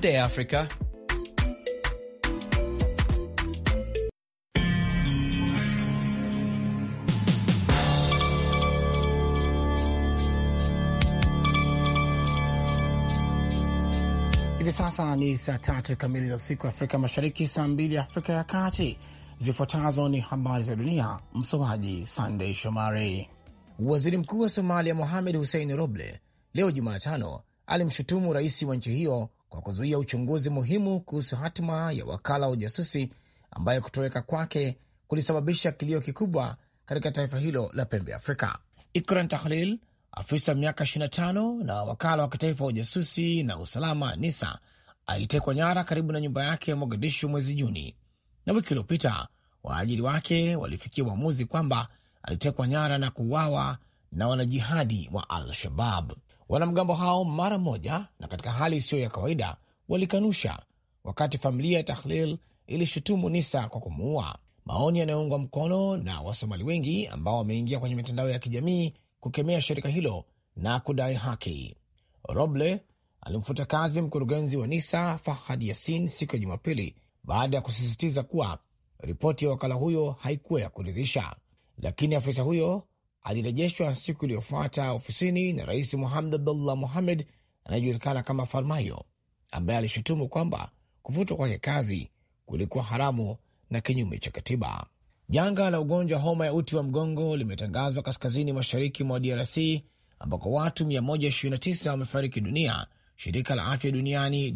Day Africa. Hivi sasa ni saa tatu kamili za usiku wa Afrika Mashariki, saa mbili Afrika ya Kati. Zifuatazo ni habari za dunia, msomaji Sandey Shomari. Waziri mkuu wa Somalia Mohamed Hussein Roble leo Jumatano alimshutumu rais wa nchi hiyo kwa kuzuia uchunguzi muhimu kuhusu hatima ya wakala wa ujasusi ambaye kutoweka kwake kulisababisha kilio kikubwa katika taifa hilo la pembe Afrika. Ikran Tahlil, afisa wa miaka 25 na wakala wa kitaifa wa ujasusi na usalama NISA, alitekwa nyara karibu na nyumba yake ya Mogadishu mwezi Juni, na wiki iliyopita waajiri wake walifikia uamuzi kwamba alitekwa nyara na kuuawa na wanajihadi wa Al-Shabab. Wanamgambo hao mara moja na katika hali isiyo ya kawaida walikanusha, wakati familia ya Tahlil ilishutumu Nisa kwa kumuua, maoni yanayoungwa mkono na Wasomali wengi ambao wameingia kwenye mitandao ya kijamii kukemea shirika hilo na kudai haki. Roble alimfuta kazi mkurugenzi wa Nisa Fahad Yasin siku ya Jumapili baada ya kusisitiza kuwa ripoti ya wakala huyo haikuwa ya kuridhisha, lakini afisa huyo alirejeshwa siku iliyofuata ofisini na Rais Mohamed Abdullah Muhamed anayejulikana kama Farmayo, ambaye alishutumu kwamba kufutwa kwake kazi kulikuwa haramu na kinyume cha katiba. Janga la ugonjwa homa ya uti wa mgongo limetangazwa kaskazini mashariki mwa DRC ambako watu 129 wamefariki dunia, shirika la afya duniani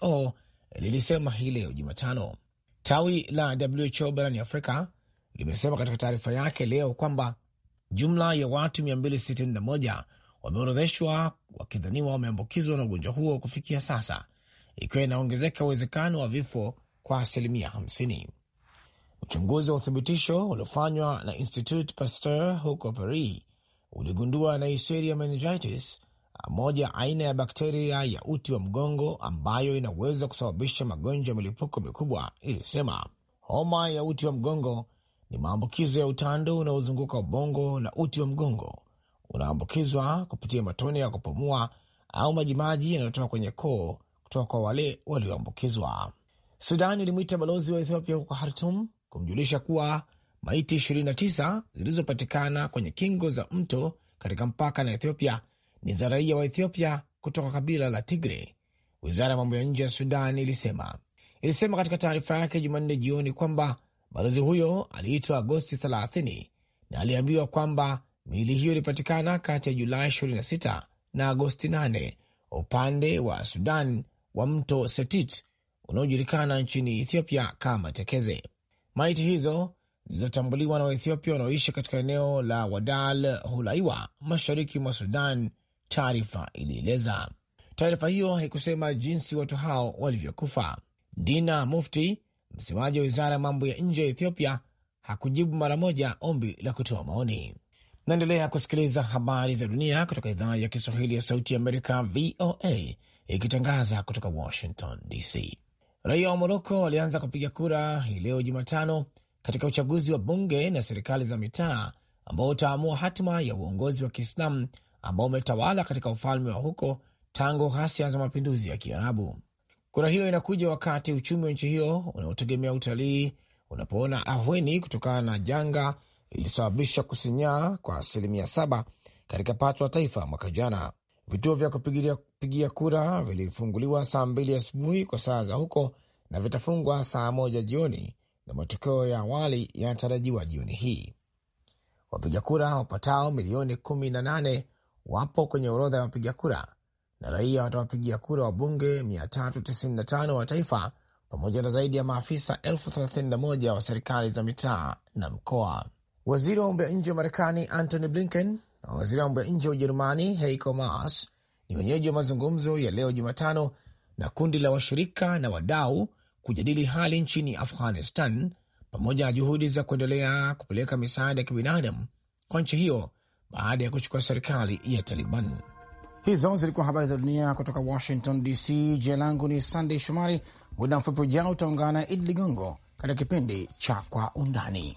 WHO lilisema hii leo Jumatano. Tawi la WHO barani Afrika limesema katika taarifa yake leo kwamba Jumla ya watu 261 wameorodheshwa wakidhaniwa wameambukizwa na ugonjwa huo kufikia sasa, ikiwa inaongezeka uwezekano wa vifo kwa asilimia 50. Uchunguzi wa uthibitisho uliofanywa na Institut Pasteur huko Paris uligundua Neisseria meningitis, moja aina ya bakteria ya uti wa mgongo ambayo inaweza kusababisha magonjwa ya milipuko mikubwa. Ilisema homa ya uti wa mgongo ni maambukizo ya utando unaozunguka ubongo na uti wa mgongo unaambukizwa kupitia matone ya kupumua au majimaji yanayotoka kwenye koo kutoka kwa wale walioambukizwa. Sudan ilimwita balozi wa Ethiopia huko Khartum kumjulisha kuwa maiti 29 zilizopatikana kwenye kingo za mto katika mpaka na Ethiopia ni za raia wa Ethiopia kutoka kabila la Tigre. Wizara ya mambo ya nje ya Sudan ilisema ilisema katika taarifa yake Jumanne jioni kwamba Balozi huyo aliitwa Agosti 30 na aliambiwa kwamba miili hiyo ilipatikana kati ya Julai 26 na Agosti 8 upande wa Sudan wa mto Setit unaojulikana nchini Ethiopia kama Tekeze. Maiti hizo zilizotambuliwa na Waethiopia wanaoishi katika eneo la Wadal Hulaiwa, mashariki mwa Sudan, taarifa ilieleza. Taarifa hiyo haikusema jinsi watu hao walivyokufa. Dina Mufti, Msemaji wa wizara ya mambo ya nje ya Ethiopia hakujibu mara moja ombi la kutoa maoni. Naendelea kusikiliza habari za dunia kutoka idhaa ya Kiswahili ya Sauti ya Amerika, VOA, ikitangaza kutoka Washington DC. Raia wa Moroko walianza kupiga kura hii leo Jumatano katika uchaguzi wa bunge na serikali za mitaa ambao utaamua hatima ya uongozi wa Kiislamu ambao umetawala katika ufalme wa huko tangu ghasia za mapinduzi ya Kiarabu. Kura hiyo inakuja wakati uchumi wa nchi hiyo unaotegemea utalii unapoona ahueni kutokana na janga ilisababisha kusinyaa kwa asilimia saba katika pato la taifa mwaka jana. Vituo vya kupigia kura vilifunguliwa saa mbili asubuhi kwa saa za huko na vitafungwa saa moja jioni, na matokeo ya awali yanatarajiwa jioni hii. Wapiga kura wapatao milioni kumi na nane wapo kwenye orodha ya wapiga kura na raia watawapigia kura wabunge 395 wa taifa pamoja na zaidi ya maafisa 31 wa serikali za mitaa na mkoa. Waziri wa mambo ya nje wa Marekani Antony Blinken na waziri wa mambo ya nje wa Ujerumani Heiko Maas ni wenyeji wa mazungumzo ya leo Jumatano na kundi la washirika na wadau kujadili hali nchini Afghanistan pamoja na juhudi za kuendelea kupeleka misaada ya kibinadamu kwa nchi hiyo baada ya kuchukua serikali ya Taliban. Hizo zilikuwa habari za dunia kutoka Washington DC. Jina langu ni Sandey Shomari. Muda mfupi ujao utaungana na Idi Ligongo katika kipindi cha Kwa Undani.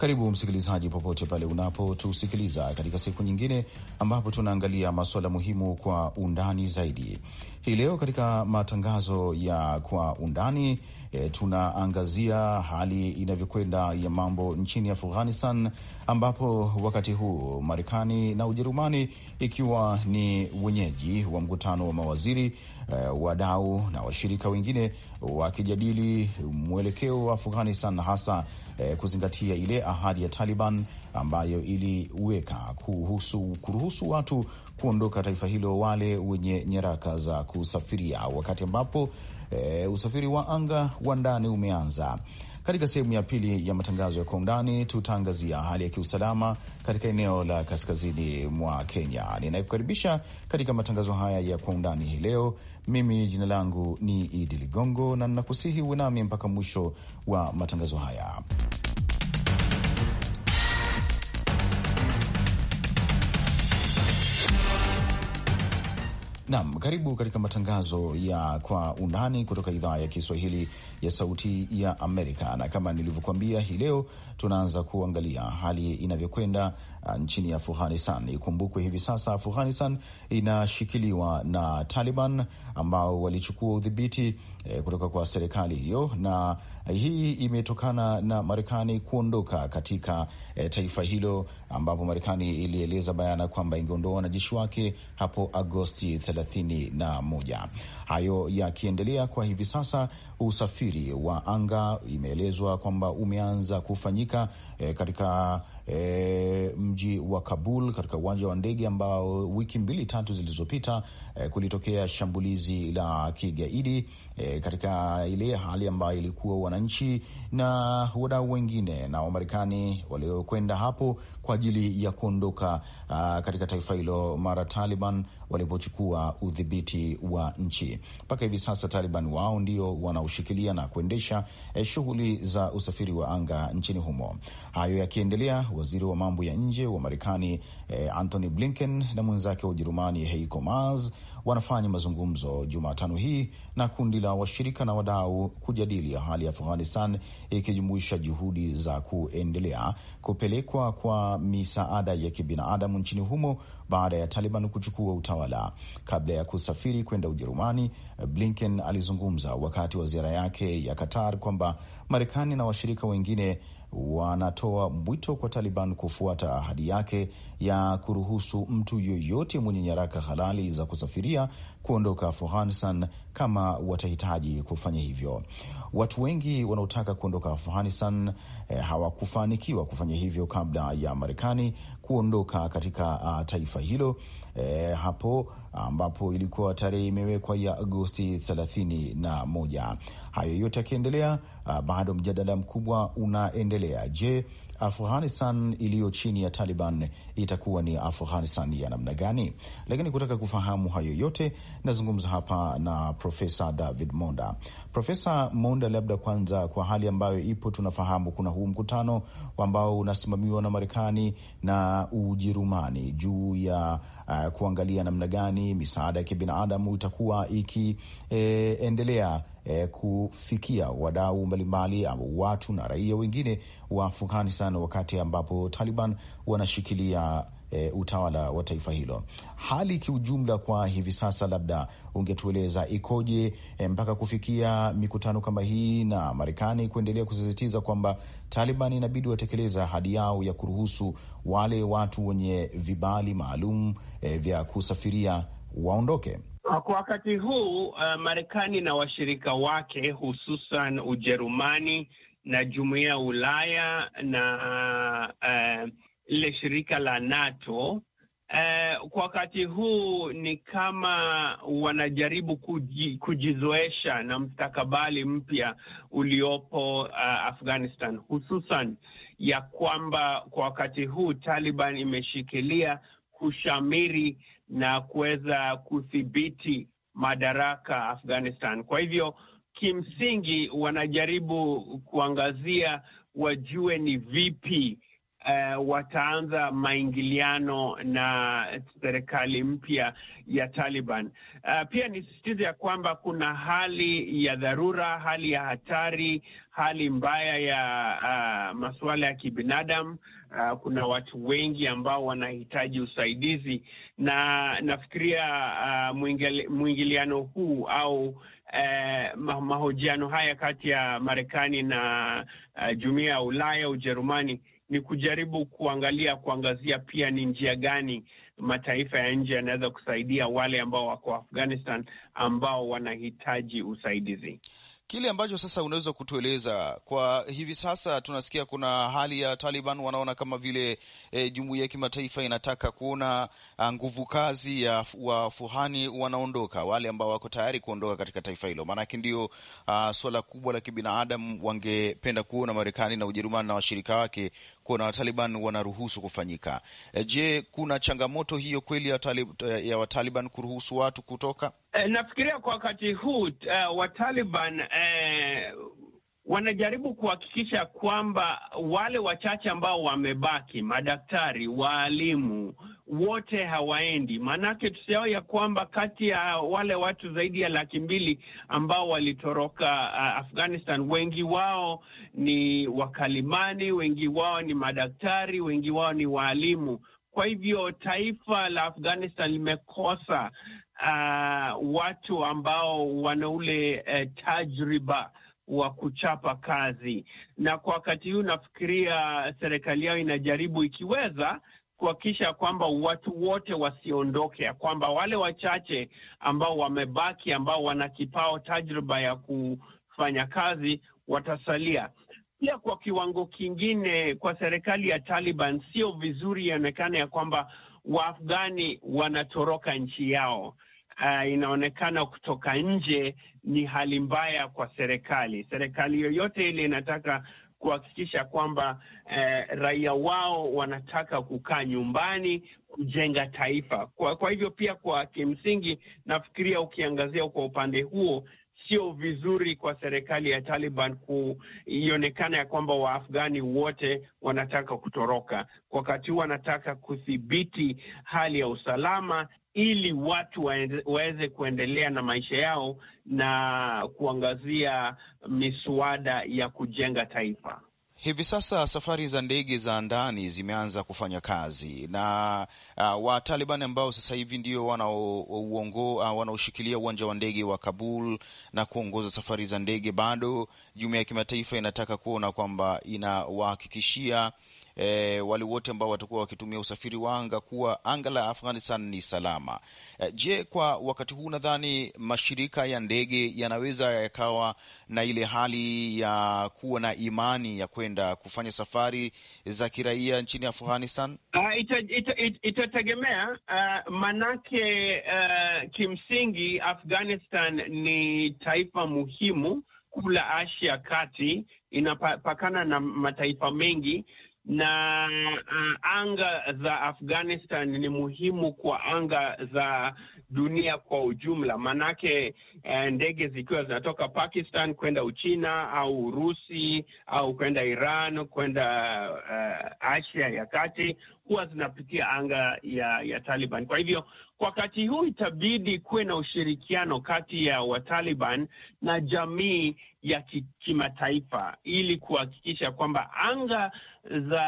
Karibu msikilizaji, popote pale unapotusikiliza katika siku nyingine ambapo tunaangalia masuala muhimu kwa undani zaidi. Hii leo katika matangazo ya kwa undani e, tunaangazia hali inavyokwenda ya mambo nchini Afghanistan, ambapo wakati huu Marekani na Ujerumani ikiwa ni wenyeji wa mkutano wa mawaziri e, eh, wadau na washirika wengine wakijadili mwelekeo wa Afghanistan, hasa e, kuzingatia ile ahadi ya Taliban ambayo iliweka kuhusu kuruhusu watu kuondoka taifa hilo wale wenye nyaraka za kusafiria, wakati ambapo e, usafiri wa anga wa ndani umeanza. Katika sehemu ya pili ya matangazo ya kwa undani, tutaangazia hali ya kiusalama katika eneo la kaskazini mwa Kenya. Ninayekukaribisha katika matangazo haya ya kwa undani hii leo, mimi jina langu ni Idi Ligongo, na ninakusihi uwe nami mpaka mwisho wa matangazo haya. Naam, karibu katika matangazo ya kwa undani kutoka idhaa ya Kiswahili ya Sauti ya Amerika, na kama nilivyokuambia, hii leo tunaanza kuangalia hali inavyokwenda uh, nchini Afghanistan. Ikumbukwe hivi sasa Afghanistan inashikiliwa na Taliban ambao walichukua udhibiti e, kutoka kwa serikali hiyo, na hii imetokana na Marekani kuondoka katika e, taifa hilo, ambapo Marekani ilieleza bayana kwamba ingeondoa wanajeshi wake hapo Agosti 31. Hayo yakiendelea kwa hivi sasa, usafiri wa anga imeelezwa kwamba umeanza kufanyika e, katika e, mji wa Kabul katika uwanja wa ndege ambao wiki mbili tatu zilizopita e, kulitokea shambulizi la kigaidi e, katika ile hali ambayo ilikuwa wananchi na wadau wengine na Wamarekani waliokwenda hapo kwa ajili ya kuondoka katika taifa hilo mara Taliban walipochukua udhibiti wa nchi. Mpaka hivi sasa Taliban wao ndio wanaoshikilia na kuendesha eh, shughuli za usafiri wa anga nchini humo. Hayo yakiendelea waziri wa mambo ya nje wa Marekani eh, Anthony Blinken na mwenzake wa Ujerumani Heiko Maas wanafanya mazungumzo Jumatano hii na kundi la washirika na wadau kujadili hali ya Afghanistan, ikijumuisha juhudi za kuendelea kupelekwa kwa misaada ya kibinadamu nchini humo baada ya Taliban kuchukua utawala. Kabla ya kusafiri kwenda Ujerumani, Blinken alizungumza wakati wa ziara yake ya Qatar kwamba Marekani na washirika wengine wanatoa mwito kwa Taliban kufuata ahadi yake ya kuruhusu mtu yoyote mwenye nyaraka halali za kusafiria kuondoka Afghanistan kama watahitaji kufanya hivyo. Watu wengi wanaotaka kuondoka Afghanistan eh, hawakufanikiwa kufanya hivyo kabla ya Marekani kuondoka katika uh, taifa hilo eh, hapo ambapo ilikuwa tarehe imewekwa ya Agosti 31. Hayo yote yakiendelea, uh, bado mjadala mkubwa unaendelea. Je, Afghanistan iliyo chini ya Taliban itakuwa ni Afghanistan ya namna gani? Lakini kutaka kufahamu hayo yote, nazungumza hapa na Profesa David Monda. Profesa Monda, labda kwanza, kwa hali ambayo ipo, tunafahamu kuna huu mkutano ambao unasimamiwa na Marekani na Ujerumani juu ya uh, kuangalia namna gani gani misaada ya kibinadamu itakuwa ikiendelea e, e, kufikia wadau mbalimbali watu na raia wengine wa Afghanistan wakati ambapo Taliban wanashikilia e, utawala wa taifa hilo. Hali kiujumla kwa hivi sasa, labda ungetueleza ikoje e, mpaka kufikia mikutano kama hii na Marekani kuendelea kusisitiza kwamba Taliban inabidi watekeleza ahadi yao ya kuruhusu wale watu wenye vibali maalum e, vya kusafiria waondoke. Kwa wakati huu uh, Marekani na washirika wake hususan Ujerumani na jumuiya ya Ulaya na uh, lile shirika la NATO eh, kwa wakati huu ni kama wanajaribu kuji, kujizoesha na mstakabali mpya uliopo uh, Afghanistan, hususan ya kwamba kwa wakati huu Taliban imeshikilia kushamiri na kuweza kudhibiti madaraka Afghanistan. Kwa hivyo kimsingi wanajaribu kuangazia wajue ni vipi uh, wataanza maingiliano na serikali mpya ya Taliban. Uh, pia nisisitize ya kwamba kuna hali ya dharura, hali ya hatari, hali mbaya ya uh, masuala ya kibinadamu. Uh, kuna watu wengi ambao wanahitaji usaidizi na nafikiria uh, mwingiliano huu au uh, mahojiano haya kati ya Marekani na uh, jumuiya ya Ulaya, Ujerumani ni kujaribu kuangalia kuangazia pia ni njia gani mataifa ya nje yanaweza kusaidia wale ambao wako Afghanistan ambao wanahitaji usaidizi. Kile ambacho sasa unaweza kutueleza kwa hivi sasa, tunasikia kuna hali ya Taliban wanaona kama vile e, jumuiya ya kimataifa inataka kuona ah, nguvu kazi ya wafuhani wanaondoka, wale ambao wako tayari kuondoka katika taifa hilo, maanake ndio ah, suala kubwa la kibinadamu wangependa kuona Marekani na Ujerumani na washirika wake kuna Wataliban wanaruhusu kufanyika. Eh, je, kuna changamoto hiyo kweli ya, talib, ya Wataliban kuruhusu watu kutoka? E, nafikiria kwa wakati huu uh, Wataliban eh, wanajaribu kuhakikisha kwamba wale wachache ambao wamebaki, madaktari, waalimu wote hawaendi. Maanake tusiao ya kwamba kati ya wale watu zaidi ya laki mbili ambao walitoroka uh, Afghanistan, wengi wao ni wakalimani, wengi wao ni madaktari, wengi wao ni waalimu. Kwa hivyo taifa la Afghanistan limekosa uh, watu ambao wana ule uh, tajriba wa kuchapa kazi, na kwa wakati huu nafikiria serikali yao inajaribu ikiweza kuhakikisha kwamba watu wote wasiondoke, ya kwamba wale wachache ambao wamebaki, ambao wana kipao tajriba ya kufanya kazi watasalia. Pia kwa kiwango kingine, kwa serikali ya Taliban sio vizuri ionekane ya kwamba Waafghani wanatoroka nchi yao. Uh, inaonekana kutoka nje ni hali mbaya kwa serikali. Serikali yoyote ile inataka kuhakikisha kwamba eh, raia wao wanataka kukaa nyumbani kujenga taifa. Kwa, kwa hivyo pia kwa kimsingi nafikiria ukiangazia kwa upande huo sio vizuri kwa serikali ya Taliban kuionekana ya kwamba Waafghani wote wanataka kutoroka, wakati huu wanataka kudhibiti hali ya usalama ili watu waweze kuendelea na maisha yao na kuangazia miswada ya kujenga taifa. Hivi sasa safari za ndege za ndani zimeanza kufanya kazi na uh, Watalibani ambao sasa hivi ndio uh, wanaoshikilia uh, uwanja wa ndege wa Kabul na kuongoza safari za ndege, bado jumuiya ya kimataifa inataka kuona kwamba inawahakikishia e, wale wote ambao watakuwa wakitumia usafiri wa anga kuwa anga la Afghanistan ni salama. E, je, kwa wakati huu nadhani mashirika ya ndege yanaweza yakawa na ile hali ya kuwa na imani ya kwenda kufanya safari za kiraia nchini Afghanistan? Uh, ah, itategemea ita, ita uh, manake uh, kimsingi Afghanistan ni taifa muhimu kula Asia kati inapakana na mataifa mengi na uh, anga za Afghanistan ni muhimu kwa anga za dunia kwa ujumla, maanake uh, ndege zikiwa zinatoka Pakistan kwenda Uchina au Urusi au kwenda Iran kwenda uh, Asia ya Kati huwa zinapitia anga ya, ya Taliban. Kwa hivyo wakati huu itabidi kuwe na ushirikiano kati ya Wataliban na jamii ya kimataifa ili kuhakikisha kwamba anga za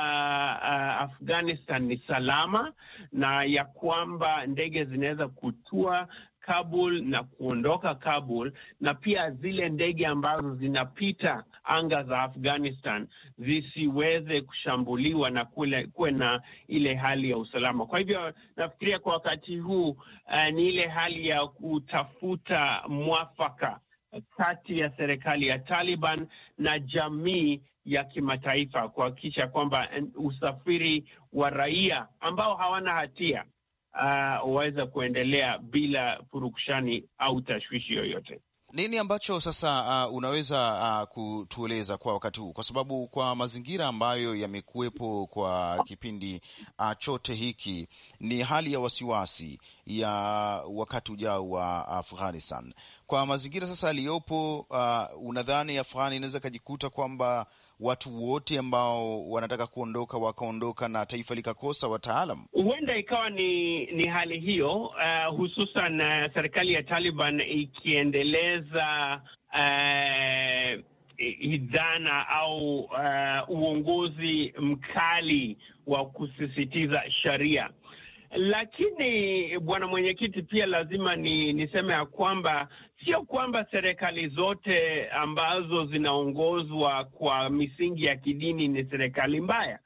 uh, Afghanistan ni salama na ya kwamba ndege zinaweza kutua Kabul na kuondoka Kabul na pia zile ndege ambazo zinapita anga za Afghanistan zisiweze kushambuliwa na kule kuwe na ile hali ya usalama. Kwa hivyo nafikiria kwa wakati huu uh, ni ile hali ya kutafuta mwafaka kati ya serikali ya Taliban na jamii ya kimataifa kuhakikisha kwamba usafiri wa raia ambao hawana hatia uh, waweza kuendelea bila purukushani au tashwishi yoyote. Nini ambacho sasa uh, unaweza uh, kutueleza kwa wakati huu, kwa sababu kwa mazingira ambayo yamekuwepo kwa kipindi uh, chote hiki, ni hali ya wasiwasi ya wakati ujao wa Afghanistan. Kwa mazingira sasa yaliyopo, uh, unadhani Afghani inaweza ikajikuta kwamba watu wote ambao wanataka kuondoka wakaondoka na taifa likakosa wataalam? Huenda ikawa ni ni hali hiyo, uh, hususan uh, serikali ya Taliban ikiendeleza uh, idhana au uh, uongozi mkali wa kusisitiza sharia lakini bwana mwenyekiti, pia lazima ni niseme ya kwamba sio kwamba serikali zote ambazo zinaongozwa kwa misingi ya kidini ni serikali mbaya.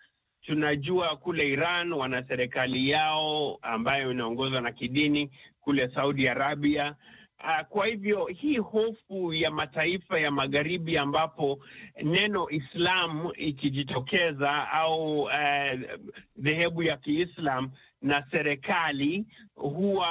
Tunajua kule Iran wana serikali yao ambayo inaongozwa na kidini, kule Saudi Arabia. Ah, kwa hivyo hii hofu ya mataifa ya magharibi ambapo neno Islam ikijitokeza au uh, dhehebu ya Kiislam na serikali huwa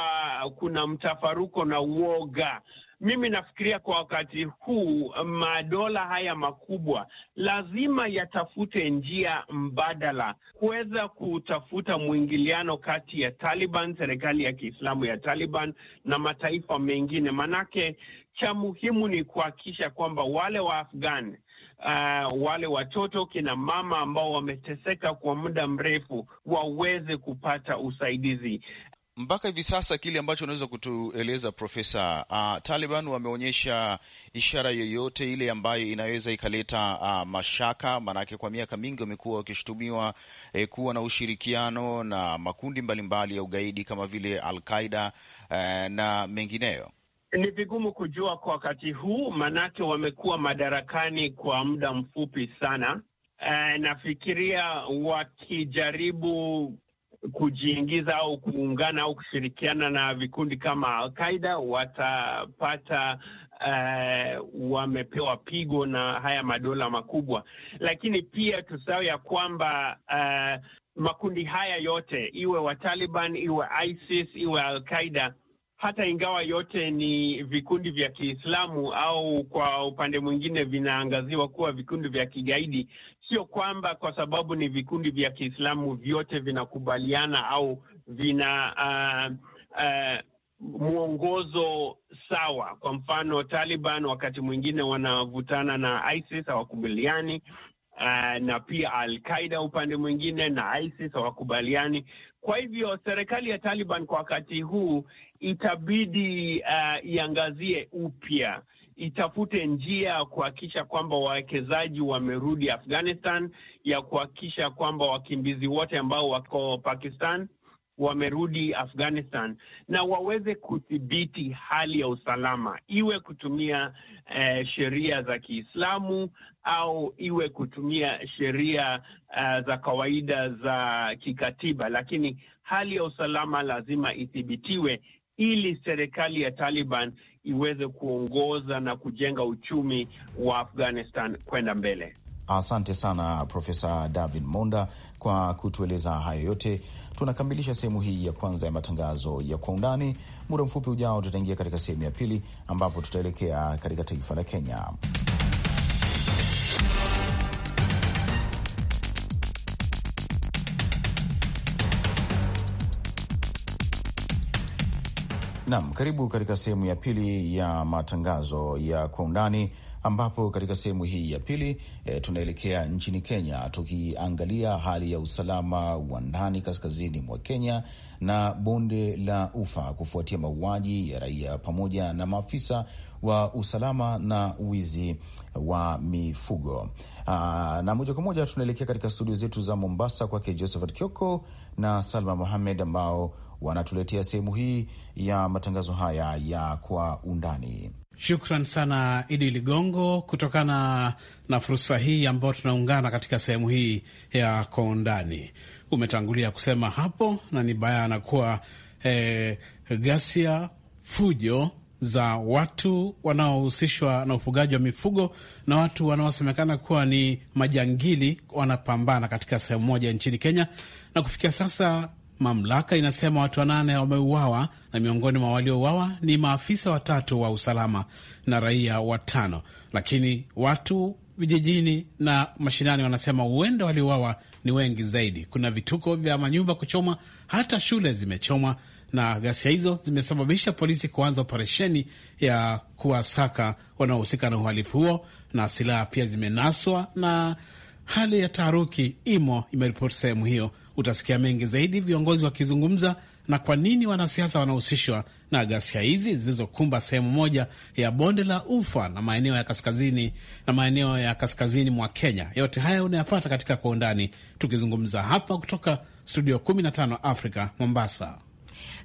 kuna mtafaruko na uoga. Mimi nafikiria kwa wakati huu madola haya makubwa lazima yatafute njia mbadala kuweza kutafuta mwingiliano kati ya Taliban, serikali ya Kiislamu ya Taliban na mataifa mengine, manake cha muhimu ni kuhakikisha kwamba wale wa Afghan uh, wale watoto kina mama ambao wameteseka kwa muda mrefu waweze kupata usaidizi. Mpaka hivi sasa kile ambacho unaweza kutueleza Profesa, uh, Taliban wameonyesha ishara yoyote ile ambayo inaweza ikaleta uh, mashaka? Maanake kwa miaka mingi wamekuwa wakishutumiwa eh, kuwa na ushirikiano na makundi mbalimbali mbali ya ugaidi kama vile Al Qaida eh, na mengineyo. Ni vigumu kujua kwa wakati huu, maanake wamekuwa madarakani kwa muda mfupi sana. E, nafikiria wakijaribu kujiingiza au kuungana au kushirikiana na vikundi kama Alqaida watapata uh, wamepewa pigo na haya madola makubwa, lakini pia tusahau ya kwamba uh, makundi haya yote iwe Wataliban iwe ISIS iwe Alqaida hata ingawa yote ni vikundi vya Kiislamu au kwa upande mwingine vinaangaziwa kuwa vikundi vya kigaidi, sio kwamba kwa sababu ni vikundi vya Kiislamu vyote vinakubaliana au vina uh, uh, mwongozo sawa. Kwa mfano, Taliban wakati mwingine wanavutana na ISIS hawakubaliani. Uh, na pia Al Qaida upande mwingine na ISIS hawakubaliani. Kwa hivyo serikali ya Taliban kwa wakati huu itabidi uh, iangazie upya itafute njia ya kuhakikisha kwamba wawekezaji wamerudi Afghanistan, ya kuhakikisha kwamba wakimbizi wote ambao wako Pakistan wamerudi Afghanistan na waweze kudhibiti hali ya usalama, iwe kutumia eh, sheria za Kiislamu au iwe kutumia sheria uh, za kawaida za kikatiba, lakini hali ya usalama lazima ithibitiwe ili serikali ya Taliban iweze kuongoza na kujenga uchumi wa Afghanistan kwenda mbele. Asante sana Profesa David Monda kwa kutueleza hayo yote. Tunakamilisha sehemu hii ya kwanza ya matangazo ya kwa undani. Muda mfupi ujao, tutaingia katika sehemu ya pili ambapo tutaelekea katika taifa la Kenya. Naam, karibu katika sehemu ya pili ya matangazo ya kwa undani ambapo katika sehemu hii ya pili e, tunaelekea nchini Kenya tukiangalia hali ya usalama wa ndani kaskazini mwa Kenya na bonde la Ufa kufuatia mauaji ya raia pamoja na maafisa wa usalama na wizi wa mifugo. Aa, na moja kwa moja tunaelekea katika studio zetu za Mombasa kwake Josephat Kioko na Salma Mohamed ambao wanatuletea sehemu hii ya matangazo haya ya kwa undani. Shukran sana Idi Ligongo, kutokana na fursa hii ambayo tunaungana katika sehemu hii ya kwa undani. Umetangulia kusema hapo na ni bayana kuwa eh, ghasia, fujo za watu wanaohusishwa na ufugaji wa mifugo na watu wanaosemekana kuwa ni majangili wanapambana katika sehemu moja nchini Kenya, na kufikia sasa Mamlaka inasema watu wanane wameuawa na miongoni mwa waliouawa ni maafisa watatu wa usalama na raia watano, lakini watu vijijini na mashinani wanasema huenda waliouawa ni wengi zaidi. Kuna vituko vya manyumba kuchoma hata shule zimechomwa, na ghasia hizo zimesababisha polisi kuanza operesheni ya kuwasaka wanaohusika na uhalifu huo, na silaha pia zimenaswa na hali ya taharuki imo, imeripoti sehemu hiyo Utasikia mengi zaidi viongozi wakizungumza na kwa nini wanasiasa wanahusishwa na ghasia hizi zilizokumba sehemu moja ya bonde la Ufa na maeneo ya kaskazini na maeneo ya kaskazini mwa Kenya. Yote haya unayapata katika Kwa Undani, tukizungumza hapa kutoka studio 15 Africa, Mombasa.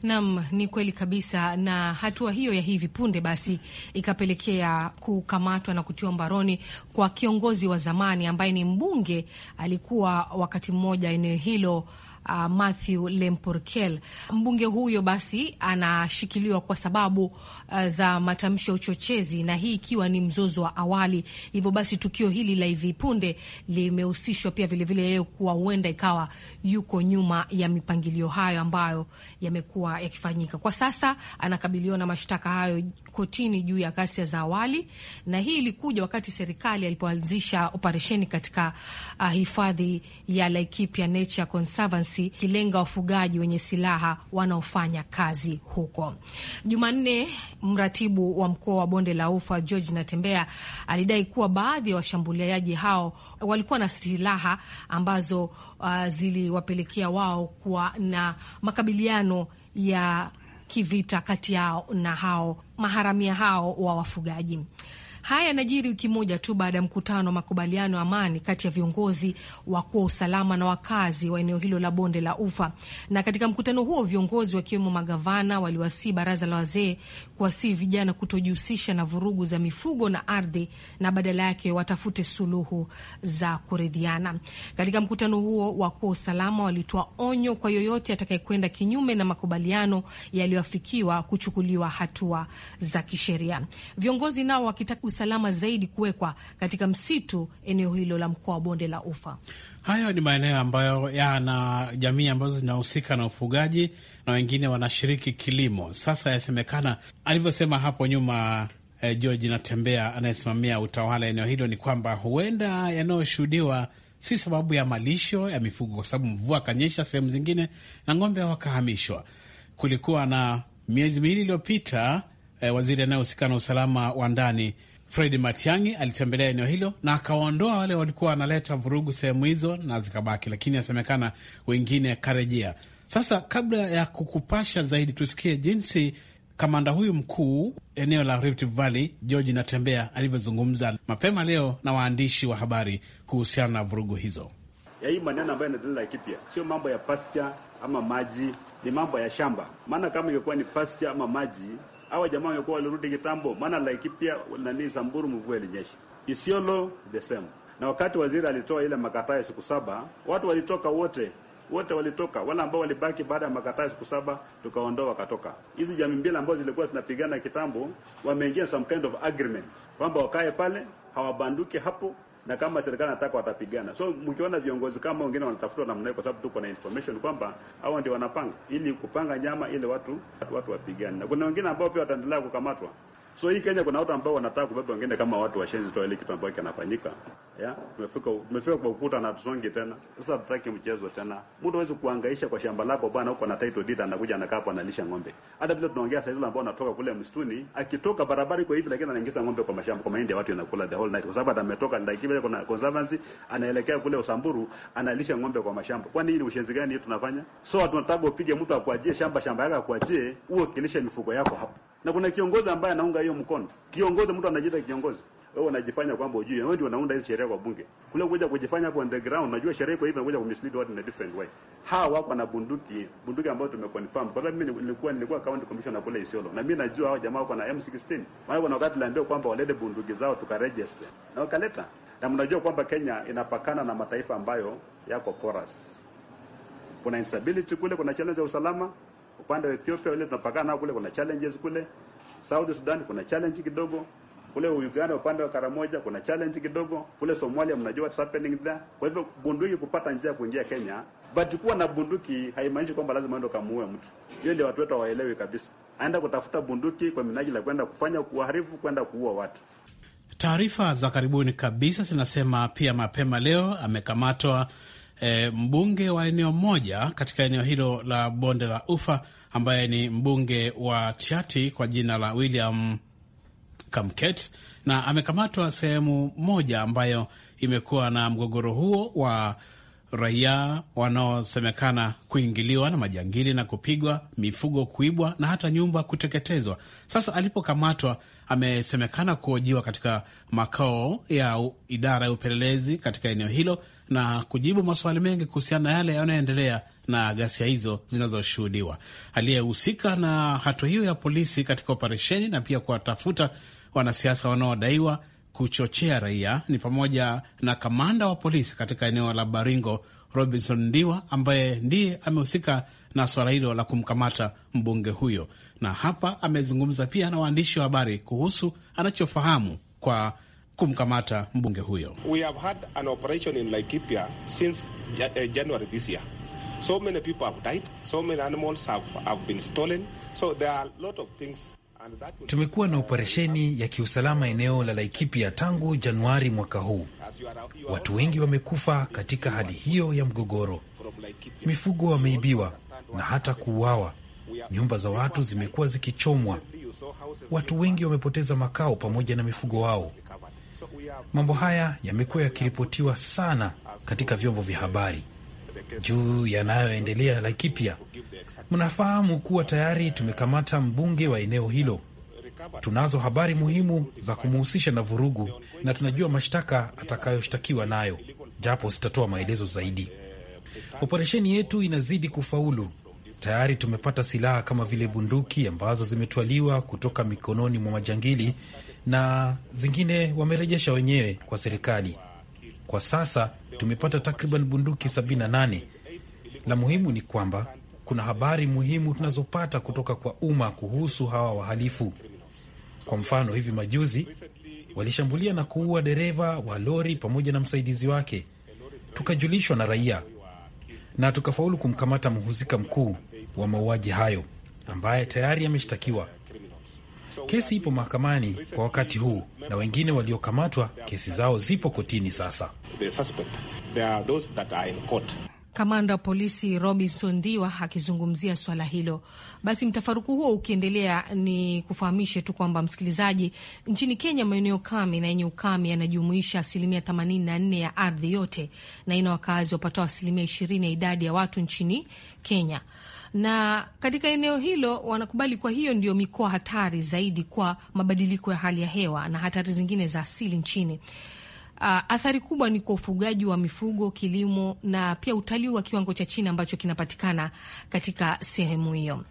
Naam, ni kweli kabisa, na hatua hiyo ya hivi punde basi ikapelekea kukamatwa na kutiwa mbaroni kwa kiongozi wa zamani ambaye ni mbunge, alikuwa wakati mmoja eneo hilo uh, Matthew Lemporkel. Mbunge huyo basi anashikiliwa kwa sababu uh, za matamshi ya uchochezi, na hii ikiwa ni mzozo wa awali. Hivyo basi tukio hili la hivi punde limehusishwa pia vilevile yeye kuwa huenda ikawa yuko nyuma ya mipangilio hayo ambayo yamekuwa yakifanyika. Kwa sasa anakabiliwa na mashtaka hayo kotini juu ya ghasia za awali, na hii ilikuja wakati serikali alipoanzisha operesheni katika uh, hifadhi ya Laikipia Nature Conservancy risasi kilenga wafugaji wenye silaha wanaofanya kazi huko. Jumanne, mratibu wa mkoa wa bonde la ufa George Natembea alidai kuwa baadhi ya wa washambuliaji hao walikuwa na silaha ambazo uh, ziliwapelekea wao kuwa na makabiliano ya kivita kati yao na hao maharamia hao wa wafugaji. Haya yanajiri wiki moja tu baada ya mkutano wa makubaliano ya amani kati ya viongozi wakuu wa usalama na wakazi wa eneo hilo la bonde la Ufa. Na katika mkutano huo viongozi wakiwemo magavana waliwasii baraza la wazee kuwasii vijana kutojihusisha na vurugu za mifugo na ardhi, na badala yake watafute suluhu za kuridhiana. Katika mkutano huo wakuu wa usalama walitoa onyo kwa yoyote atakayekwenda kinyume na makubaliano yaliyoafikiwa kuchukuliwa hatua za kisheria. Viongozi nao wakitaka usalama zaidi kuwekwa katika msitu eneo hilo la mkoa wa bonde la ufa. Hayo ni maeneo ambayo yana jamii ambazo zinahusika na ufugaji na wengine wanashiriki kilimo. Sasa yasemekana, alivyosema hapo nyuma eh, George Natembea anayesimamia utawala eneo hilo, ni kwamba huenda yanayoshuhudiwa si sababu ya malisho ya mifugo, kwa sababu mvua akanyesha sehemu zingine na ng'ombe wakahamishwa. Kulikuwa na miezi miwili iliyopita, eh, waziri anayehusika na usalama wa ndani Fredi Matiangi alitembelea eneo hilo na akawaondoa wale walikuwa wanaleta vurugu sehemu hizo na zikabaki, lakini inasemekana wengine karejea. Sasa, kabla ya kukupasha zaidi, tusikie jinsi kamanda huyu mkuu eneo la Rift Valley George Natembea alivyozungumza mapema leo na waandishi wa habari kuhusiana na vurugu hizo. Ya hii maneno ambayo inaendelea kipya, sio mambo ya pasture ama maji, ni mambo ya shamba. Maana kama ingekuwa ni pasture ama maji hawa jamaa wamekuwa walirudi kitambo, maana Laikipia nani Samburu mvua ilinyesha. Isiolo the same. Na wakati waziri alitoa ile makataa ya siku saba, watu walitoka wote wote walitoka, wale ambao walibaki baada ya makataa siku saba tukaondoa, wakatoka. Hizi jamii mbili ambazo zilikuwa zinapigana kitambo wameingia some kind of agreement kwamba wakae pale, hawabanduki hapo, na kama serikali nataka watapigana. So mkiona viongozi kama wengine wanatafutwa namna hiyo, kwa sababu tuko na information kwamba hao ndio wanapanga, ili kupanga nyama ile watu watu wapigane, na kuna wengine ambao pia wataendelea kukamatwa. So hii Kenya kuna watu ambao wanataka kubeba wengine kama watu washenzi tu ile kitu ambayo kinafanyika. Yeah, tumefika tumefika kwa ukuta na tusonge tena. Sasa tutaki mchezo tena. Mtu hawezi kuhangaisha kwa shamba lako bwana, huko na title deed anakuja anakaa hapo analisha ng'ombe. Hata vile tunaongea sasa, yule ambao anatoka kule msituni, akitoka barabara kwa hivi, lakini anaingiza ng'ombe kwa mashamba kwa mahindi, watu yanakula the whole night, kwa sababu ametoka ndakibele, kuna conservancy, anaelekea kule Usamburu, analisha ng'ombe kwa mashamba. Kwa nini? ushenzi gani tunafanya? So tunataka upige mtu akuajie shamba shamba yake akuajie, uwe kilisha mifugo yako hapo na kuna kiongozi ambaye anaunga hiyo mkono. Kiongozi, mtu anajiita kiongozi, wewe unajifanya kwamba ujui, wewe ndio unaunda hizo sheria kwa bunge kule, kuja kujifanya hapo underground. the Najua sheria iko hivi na kuja kumislead watu in a different way. Hawa wako na bunduki, bunduki ambayo tumeconfirm kwa mimi nilikuwa nilikuwa county commissioner kule Isiolo, na mimi najua hao jamaa wako na M16 maana kuna wakati tuliambiwa kwamba walete bunduki zao tukaregister na wakaleta, na mnajua kwamba Kenya inapakana na mataifa ambayo yako porous. Kuna instability kule, kuna challenge ya usalama upande wa Ethiopia ile tunapakana nao kule, kuna challenges kule. South Sudan kuna challenge kidogo kule, Uganda upande wa Karamoja kuna challenge kidogo kule, Somalia mnajua what's happening there. Kwa hivyo bunduki kupata njia kuingia Kenya, but kuwa na bunduki haimaanishi kwamba lazima uende kumuua mtu. Hiyo ndio watu wetu waelewe kabisa, aenda kutafuta bunduki kwa minajili ya kwenda kufanya kuharifu, kwenda kuua watu. Taarifa za karibuni kabisa zinasema pia mapema leo amekamatwa e, mbunge wa eneo moja katika eneo hilo la bonde la Ufa ambaye ni mbunge wa Chati kwa jina la William Kamket, na amekamatwa sehemu moja ambayo imekuwa na mgogoro huo wa raia wanaosemekana kuingiliwa na majangili na kupigwa, mifugo kuibwa na hata nyumba kuteketezwa. Sasa alipokamatwa amesemekana kuhojiwa katika makao ya idara ya upelelezi katika eneo hilo na kujibu maswali mengi kuhusiana na yale yanayoendelea na ghasia hizo zinazoshuhudiwa. Aliyehusika na hatua hiyo ya polisi katika operesheni na pia kuwatafuta wanasiasa wanaodaiwa kuchochea raia ni pamoja na kamanda wa polisi katika eneo la Baringo Robinson Ndiwa ambaye ndiye amehusika na swala hilo la kumkamata mbunge huyo, na hapa amezungumza pia na waandishi wa habari kuhusu anachofahamu kwa kumkamata mbunge huyo. We have had an operation in Laikipia since eh, January this year. So many people have died. So many animals have, have been stolen. So there are a lot of things Tumekuwa na operesheni ya kiusalama eneo la Laikipia tangu Januari mwaka huu. Watu wengi wamekufa katika hali hiyo ya mgogoro, mifugo wameibiwa na hata kuuawa, nyumba za watu zimekuwa zikichomwa, watu wengi wamepoteza makao pamoja na mifugo wao. Mambo haya yamekuwa yakiripotiwa sana katika vyombo vya habari juu yanayoendelea Laikipia. Mnafahamu kuwa tayari tumekamata mbunge wa eneo hilo. Tunazo habari muhimu za kumuhusisha na vurugu na tunajua mashtaka atakayoshtakiwa nayo, japo sitatoa maelezo zaidi. Operesheni yetu inazidi kufaulu. Tayari tumepata silaha kama vile bunduki ambazo zimetwaliwa kutoka mikononi mwa majangili na zingine wamerejesha wenyewe kwa serikali. Kwa sasa tumepata takriban bunduki 78. La muhimu ni kwamba kuna habari muhimu tunazopata kutoka kwa umma kuhusu hawa wahalifu. Kwa mfano, hivi majuzi walishambulia na kuua dereva wa lori pamoja na msaidizi wake, tukajulishwa na raia na tukafaulu kumkamata mhusika mkuu wa mauaji hayo ambaye tayari ameshtakiwa. Kesi ipo mahakamani kwa wakati huu, na wengine waliokamatwa kesi zao zipo kotini sasa. Kamanda wa polisi Robinson Ndiwa akizungumzia swala hilo. Basi mtafaruku huo ukiendelea, ni kufahamishe tu kwamba msikilizaji, nchini Kenya maeneo kame na yenye ukame yanajumuisha asilimia 84 ya ardhi yote na ina wakazi wapatao asilimia 20 ya idadi ya watu nchini Kenya na katika eneo hilo wanakubali. Kwa hiyo ndio mikoa hatari zaidi kwa mabadiliko ya hali ya hewa na hatari zingine za asili nchini. Uh, athari kubwa ni kwa ufugaji wa mifugo, kilimo na pia utalii wa kiwango cha chini ambacho kinapatikana katika sehemu hiyo.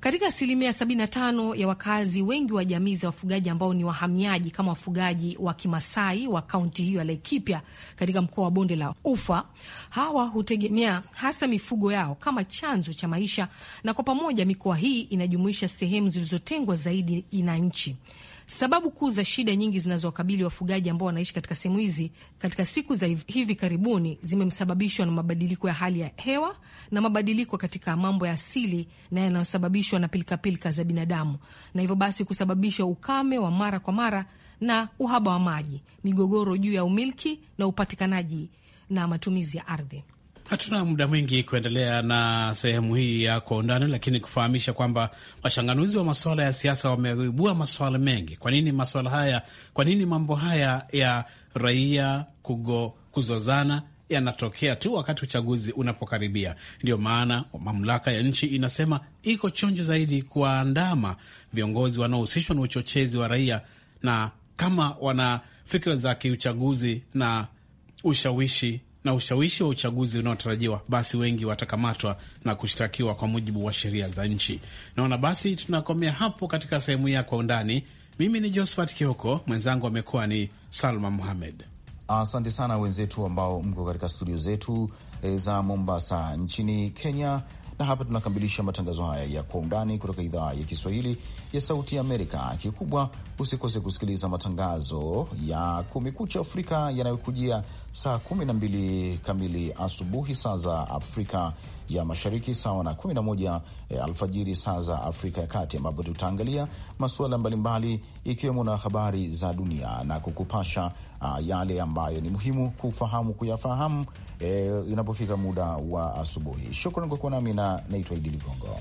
Katika asilimia 75 ya wakazi wengi wa jamii za wafugaji ambao ni wahamiaji kama wafugaji wa Kimasai wa kaunti hiyo ya Laikipia katika mkoa wa bonde la Ufa, hawa hutegemea hasa mifugo yao kama chanzo cha maisha, na kwa pamoja mikoa hii inajumuisha sehemu zilizotengwa zaidi na nchi. Sababu kuu za shida nyingi zinazowakabili wafugaji ambao wanaishi katika sehemu hizi katika siku za hivi karibuni zimesababishwa na mabadiliko ya hali ya hewa na mabadiliko katika mambo ya asili na yanayosababishwa na pilikapilika za binadamu, na hivyo basi kusababisha ukame wa mara kwa mara na uhaba wa maji, migogoro juu ya umiliki na upatikanaji na matumizi ya ardhi. Hatuna muda mwingi kuendelea na sehemu hii ya kwa undani, lakini kufahamisha kwamba wachanganuzi wa masuala ya siasa wameibua masuala mengi. Kwa nini masuala haya, kwa nini mambo haya ya raia kugo, kuzozana yanatokea tu wakati uchaguzi unapokaribia. ndio maana mamlaka ya nchi inasema iko chonjo zaidi kuwaandama viongozi wanaohusishwa na uchochezi wa raia, na kama wana fikra za kiuchaguzi na ushawishi na ushawishi wa uchaguzi unaotarajiwa, basi wengi watakamatwa na kushtakiwa kwa mujibu wa sheria za nchi. Naona basi tunakomea hapo katika sehemu ya kwa undani. Mimi ni Josephat Kioko, mwenzangu amekuwa ni Salma Muhamed. Asante sana wenzetu ambao mko katika studio zetu eh, za Mombasa nchini Kenya. Na hapa tunakamilisha matangazo haya ya kwa undani kutoka idhaa ya Kiswahili ya Sauti ya Amerika. Kikubwa usikose kusikiliza matangazo ya Kumekucha Afrika yanayokujia saa 12 kamili asubuhi saa za Afrika ya Mashariki, sawa na 11 e, eh, alfajiri saa za Afrika ya Kati, ambapo tutaangalia masuala mbalimbali ikiwemo na habari za dunia na kukupasha a, ah, yale ambayo ni muhimu kufahamu kuyafahamu e, inapofika muda wa asubuhi. Shukran kwa kuwa nami na naitwa Idi Ligongo.